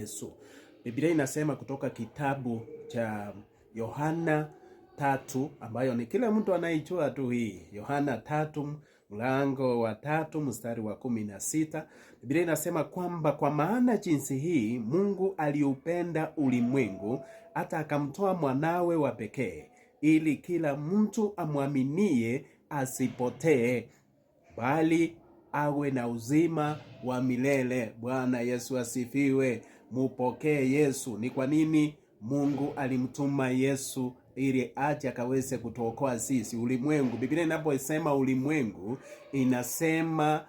Yesu. Biblia inasema kutoka kitabu cha Yohana tatu ambayo ni kila mtu anaichua tu hii. Yohana tatu mlango wa tatu mstari wa kumi na sita Biblia inasema kwamba kwa maana jinsi hii Mungu aliupenda ulimwengu hata akamtoa mwanawe wa pekee ili kila mtu amwaminie asipotee bali awe na uzima wa milele. Bwana Yesu asifiwe mupokee Yesu. Ni kwa nini Mungu alimtuma Yesu? Ili aje akaweze kutuokoa sisi ulimwengu. Biblia inaposema ulimwengu, inasema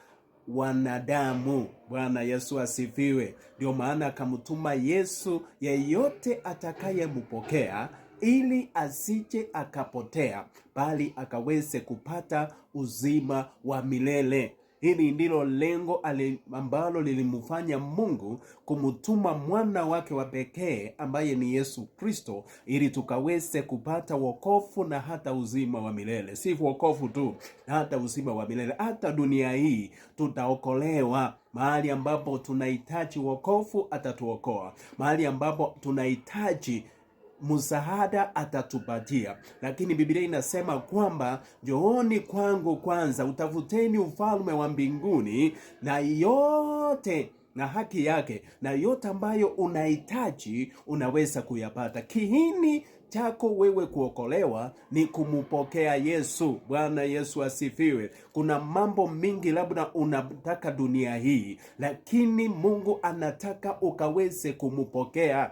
wanadamu. Bwana Yesu asifiwe. Ndio maana akamtuma Yesu, yeyote atakayempokea ili asije akapotea, bali akaweze kupata uzima wa milele. Hili ndilo lengo ambalo lilimfanya Mungu kumtuma mwana wake wa pekee ambaye ni Yesu Kristo, ili tukaweze kupata wokovu na hata uzima wa milele. Si wokovu tu, hata uzima wa milele. Hata dunia hii tutaokolewa. Mahali ambapo tunahitaji wokovu, atatuokoa. Mahali ambapo tunahitaji msaada atatupatia, lakini Biblia inasema kwamba njooni kwangu kwanza, utafuteni ufalme wa mbinguni na yote na haki yake na yote ambayo unahitaji unaweza kuyapata. Kiini chako wewe kuokolewa ni kumupokea Yesu. Bwana Yesu asifiwe. Kuna mambo mingi labda unataka dunia hii, lakini Mungu anataka ukaweze kumupokea.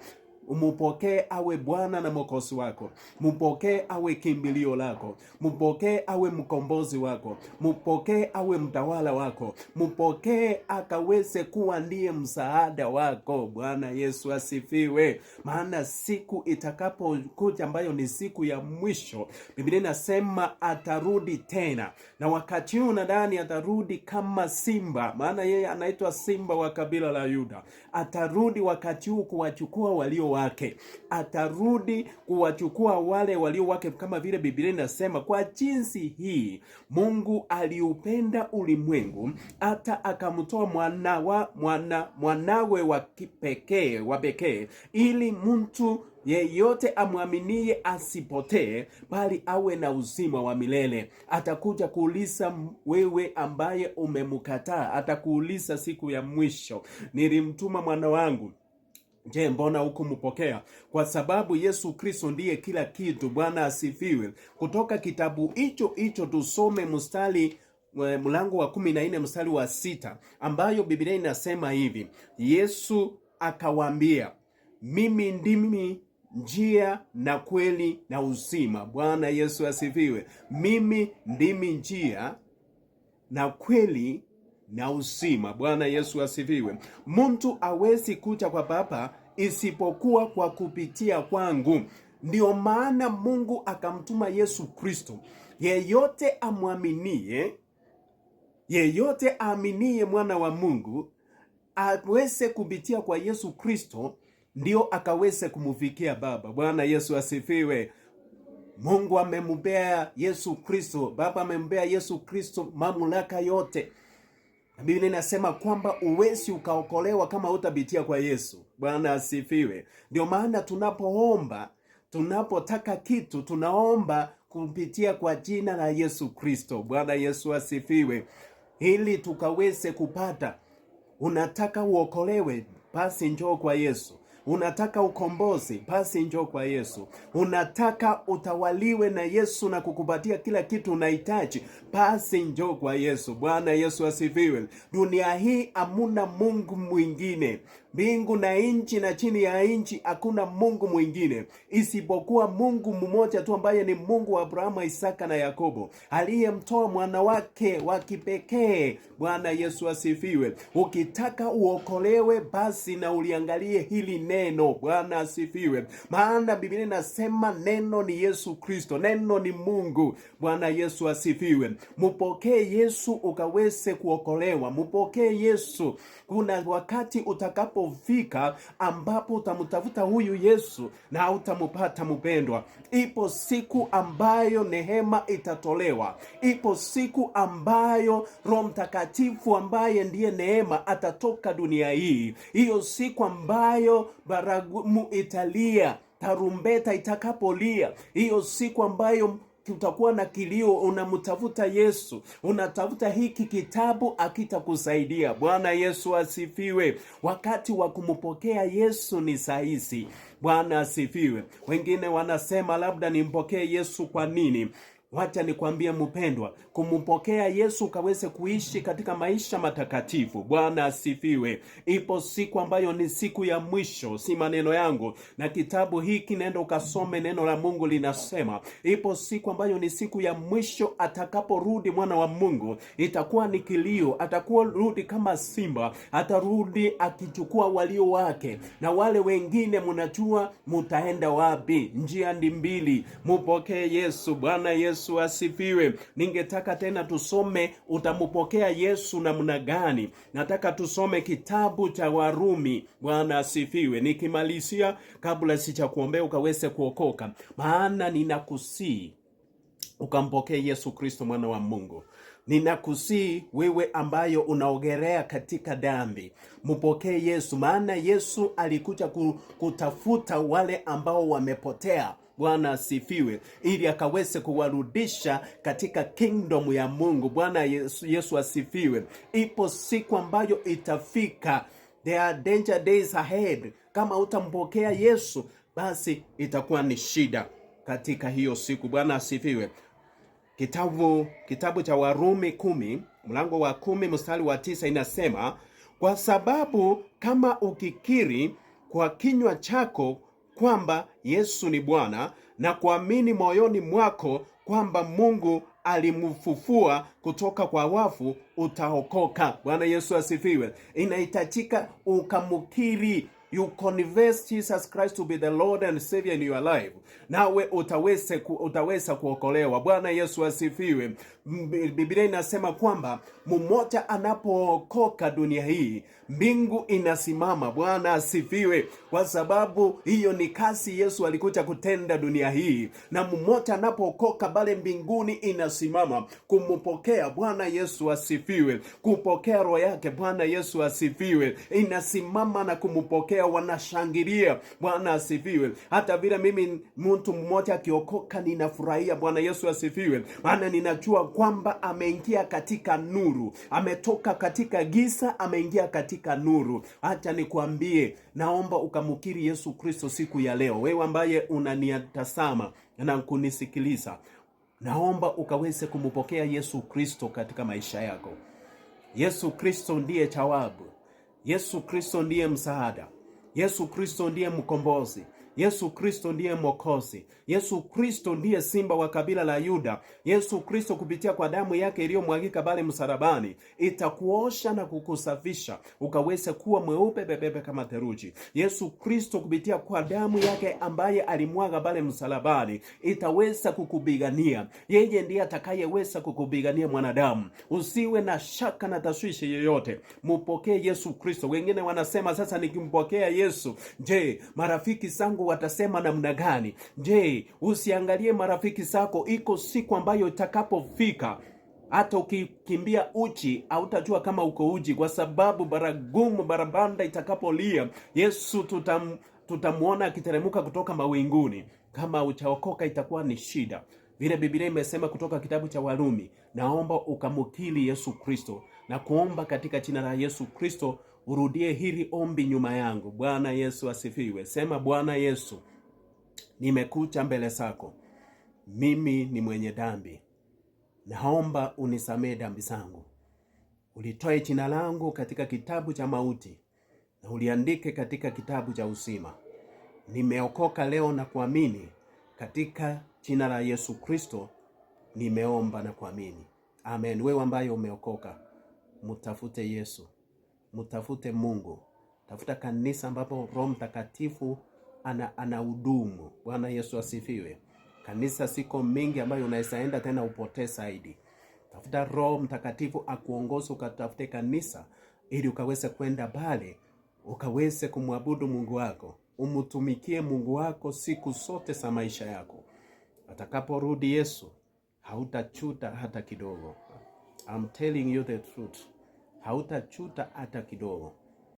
Mupokee awe Bwana na mokosi wako, mupokee awe kimbilio lako, mupokee awe mkombozi wako, mupokee awe mtawala wako, mupokee akaweze kuwa ndiye msaada wako. Bwana Yesu asifiwe. Maana siku itakapokuja ambayo ni siku ya mwisho, Biblia inasema atarudi tena, na wakati huu nadhani atarudi kama simba, maana yeye anaitwa simba wa kabila la Yuda. Atarudi wakati huu kuwachukua walio wake, atarudi kuwachukua wale walio wake, kama vile Biblia inasema, kwa jinsi hii Mungu aliupenda ulimwengu hata akamtoa mwana wa mwana mwanawe wa kipekee wa pekee, ili mtu yeyote amwaminie asipotee, bali awe na uzima wa milele. Atakuja kuuliza wewe ambaye umemkataa, atakuuliza siku ya mwisho, nilimtuma mwana wangu Je, mbona mpokea Kwa sababu Yesu Kristo ndiye kila kitu. Bwana asifiwe. Kutoka kitabu hicho hicho tusome mstari eh, mlango wa kumi na nne mstari wa sita ambayo Biblia inasema hivi, Yesu akawaambia, mimi ndimi njia na kweli na uzima. Bwana Yesu asifiwe. Mimi ndimi njia na kweli na uzima. Bwana Yesu asifiwe. Mtu awezi kuja kwa Baba isipokuwa kwa kupitia kwangu. ndio maana Mungu akamtuma Yesu Kristo. Yeyote amwaminie, yeyote aaminie mwana wa Mungu aweze kupitia kwa Yesu Kristo, ndio akaweze kumufikia Baba. Bwana Yesu asifiwe. Mungu amemubea Yesu Kristo, Baba amempea Yesu Kristo mamlaka yote Biblia inasema kwamba uwezi ukaokolewa kama utabitia kwa Yesu. Bwana asifiwe. Ndio maana tunapoomba, tunapotaka kitu, tunaomba kupitia kwa jina la Yesu Kristo. Bwana Yesu asifiwe, ili tukaweze kupata. Unataka uokolewe, basi njoo kwa Yesu. Unataka ukombozi? Basi njoo kwa Yesu. Unataka utawaliwe na Yesu na kukupatia kila kitu unahitaji? Basi njoo kwa Yesu. Bwana Yesu asifiwe. Dunia hii hamuna Mungu mwingine, mbingu na nchi na chini ya nchi hakuna Mungu mwingine isipokuwa Mungu mmoja tu, ambaye ni Mungu wa Abrahamu, Isaka na Yakobo, aliyemtoa mwana wake wa kipekee. Bwana Yesu asifiwe. Ukitaka uokolewe, basi na uliangalie hili ne neno. Bwana asifiwe. Maana Biblia inasema neno ni Yesu Kristo, neno ni Mungu. Bwana Yesu asifiwe. Mupokee Yesu ukaweze kuokolewa, mupokee Yesu. Kuna wakati utakapofika ambapo utamtafuta huyu Yesu na utamupata, mpendwa. Ipo siku ambayo nehema itatolewa, ipo siku ambayo Roho Mtakatifu ambaye ndiye neema atatoka dunia hii, hiyo siku ambayo baragumu italia, tarumbeta itakapolia, hiyo siku ambayo utakuwa na kilio, unamtafuta Yesu, unatafuta hiki kitabu, akitakusaidia. Bwana Yesu asifiwe. Wakati wa kumpokea Yesu ni saa Bwana asifiwe. Wengine wanasema labda nimpokee Yesu kwa nini? Wacha nikwambie mpendwa, kumpokea Yesu ukaweze kuishi katika maisha matakatifu. Bwana asifiwe. Ipo siku ambayo ni siku ya mwisho, si maneno yangu, na kitabu hiki nenda ukasome. Neno la Mungu linasema ipo siku ambayo ni siku ya mwisho, atakaporudi mwana wa Mungu itakuwa ni kilio, atakuwa rudi kama simba, atarudi akichukua walio wake, na wale wengine mnajua mutaenda wapi? Njia ndi mbili, mupokee Yesu. Bwana Yesu Yesu asifiwe. Ningetaka tena tusome utamupokea Yesu namna gani? Nataka tusome kitabu cha Warumi. Bwana asifiwe. Nikimalizia, kabla sichakuombea ukaweze kuokoka, maana ninakusii ukampokee Yesu Kristo mwana wa Mungu. Ninakusii wewe ambayo unaogerea katika dhambi, mpokee Yesu, maana Yesu alikuja kutafuta wale ambao wamepotea. Bwana asifiwe, ili akaweze kuwarudisha katika kingdom ya Mungu. Bwana Yesu, Yesu asifiwe. Ipo siku ambayo itafika, there are danger days ahead. Kama utampokea Yesu, basi itakuwa ni shida katika hiyo siku. Bwana asifiwe. Kitabu kitabu cha Warumi kumi mlango wa kumi mstari wa tisa inasema, kwa sababu kama ukikiri kwa kinywa chako kwamba Yesu ni Bwana na kuamini moyoni mwako kwamba Mungu alimfufua kutoka kwa wafu, utaokoka. Bwana Yesu asifiwe. Inahitajika ukamukiri you confess Jesus Christ to be the Lord and Savior in your life, nawe utaweze ku, utaweza kuokolewa. Bwana Yesu asifiwe. Biblia inasema kwamba mmoja anapookoka dunia hii, mbingu inasimama. Bwana asifiwe, kwa sababu hiyo ni kazi Yesu alikuja kutenda dunia hii, na mmoja anapookoka bale mbinguni inasimama kumpokea. Bwana Yesu asifiwe, kupokea roho yake. Bwana Yesu asifiwe, inasimama na kumpokea wanatembea wanashangilia. Bwana asifiwe. Hata vile mimi mtu mmoja akiokoka ninafurahia. Bwana Yesu asifiwe, maana ninajua kwamba ameingia katika nuru, ametoka katika gisa ameingia katika nuru. hacha nikwambie, naomba ukamukiri Yesu Kristo siku ya leo. Wewe ambaye unaniatazama na kunisikiliza, naomba ukaweze kumpokea Yesu Kristo katika maisha yako. Yesu Kristo ndiye jawabu. Yesu Kristo ndiye msaada. Yesu Kristo ndiye mkombozi. Yesu Kristo ndiye Mwokozi. Yesu Kristo ndiye simba wa kabila la Yuda. Yesu Kristo kupitia kwa damu yake iliyomwagika pale msalabani itakuosha na kukusafisha ukaweze kuwa mweupe pepepe kama theruji. Yesu Kristo kupitia kwa damu yake ambaye alimwaga pale msalabani itaweza kukubigania Yeye ndiye atakayeweza kukubigania mwanadamu. Usiwe na shaka na taswishi yoyote, mupokee Yesu Kristo. Wengine wanasema sasa, nikimpokea Yesu, je, marafiki zangu watasema namna gani? Je, usiangalie marafiki zako, iko siku ambayo itakapofika hata ukikimbia uchi hautajua kama uko uchi, kwa sababu baragumu barabanda itakapolia, Yesu tutam, tutamwona akiteremuka kutoka mawinguni. Kama uchaokoka itakuwa ni shida, vile Biblia imesema kutoka kitabu cha Warumi. Naomba ukamukili Yesu Kristo na kuomba katika jina la Yesu Kristo urudie hili ombi nyuma yangu. Bwana Yesu asifiwe. Sema, Bwana Yesu, nimekuja mbele zako, mimi ni mwenye dhambi, naomba unisamehe dhambi zangu, ulitoe jina langu katika kitabu cha mauti na uliandike katika kitabu cha uzima. Nimeokoka leo na kuamini katika jina la Yesu Kristo, nimeomba na kuamini. Amen. Wewe ambaye umeokoka, mtafute Yesu mtafute Mungu, tafuta kanisa ambapo Roho Mtakatifu ana ana anahudumu. Bwana Yesu asifiwe. Kanisa siko mingi ambayo unaweza enda tena upotee zaidi. Tafuta Roho Mtakatifu akuongoze ukatafute kanisa ili ukaweze kwenda pale ukaweze kumwabudu Mungu wako, umtumikie Mungu wako siku zote za maisha yako. Atakaporudi Yesu hautachuta hata kidogo. I'm telling you the truth hautachuta hata kidogo.